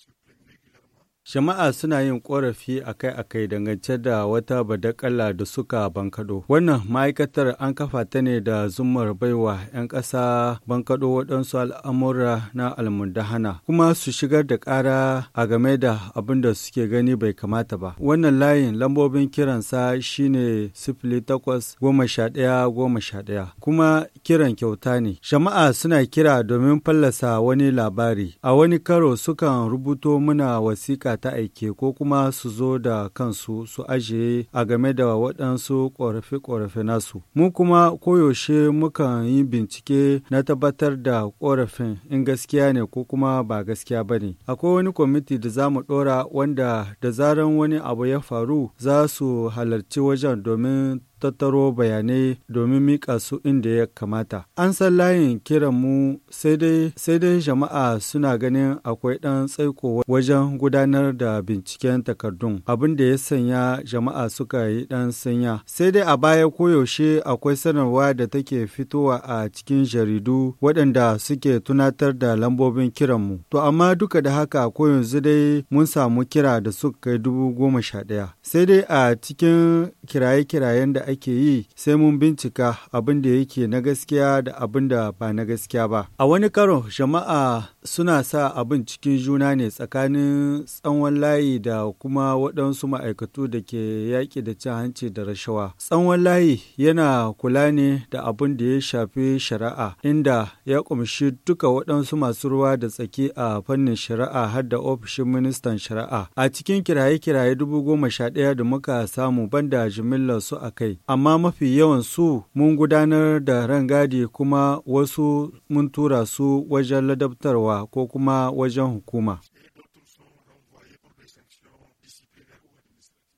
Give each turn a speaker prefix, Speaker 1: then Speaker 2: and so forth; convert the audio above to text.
Speaker 1: discipline Shama'a suna yin korafi akai-akai dangance da wata badakala da suka bankado Wannan ma'aikatar an kafa ta ne da zumar baiwa 'yan ƙasa bankaɗo waɗansu al'amura na almundahana kuma su shigar da ƙara a game da abin da suke gani bai kamata ba. Wannan layin lambobin kiransa shine sifili takwas goma sha ɗaya goma sha ɗaya kuma kiran kyauta ne. Shama'a suna kira domin fallasa wani labari. A wani karo sukan rubuto muna wasiƙa ta aike ko kuma su zo da kansu su ajiye a game da waɗansu ƙorafe-ƙorafe nasu. Mu kuma koyaushe mukan yi bincike na tabbatar da ƙorafin in gaskiya ne ko kuma ba gaskiya ba ne. Akwai wani kwamiti da za mu ɗora wanda da zaran wani abu ya faru za su halarci wajen domin tattaro bayanai domin mika su inda ya kamata. An san layin kiran mu sai dai jama'a suna ganin akwai ɗan tsaiko wajen gudanar da binciken takardun abin da ya sanya jama'a suka yi ɗan sanya. Sai dai a baya koyaushe akwai sanarwa da take fitowa a cikin jaridu waɗanda suke tunatar da lambobin kiran mu. To amma duka da haka ko yanzu dai mun samu kira da suka kai dubu goma sha ɗaya. Sai dai a cikin kiraye-kirayen da ake yi sai mun bincika abin da yake na gaskiya da abin da ba na gaskiya ba. A wani karo jama'a suna sa abin cikin juna ne tsakanin tsawon layi da kuma waɗansu ma'aikatu da ke yaƙi da cin hanci da rashawa. Tsawon layi yana kula ne da abin da ya shafi shari'a inda ya ƙumshi duka waɗansu masu ruwa da tsaki a fannin shari'a har da ofishin ministan shari'a. A cikin kiraye-kiraye dubu goma sha ɗaya da muka samu banda jimillar su a kai amma mafi yawan su mun gudanar da rangadi kuma wasu mun tura su wajen ladabtarwa ko kuma wajen hukuma.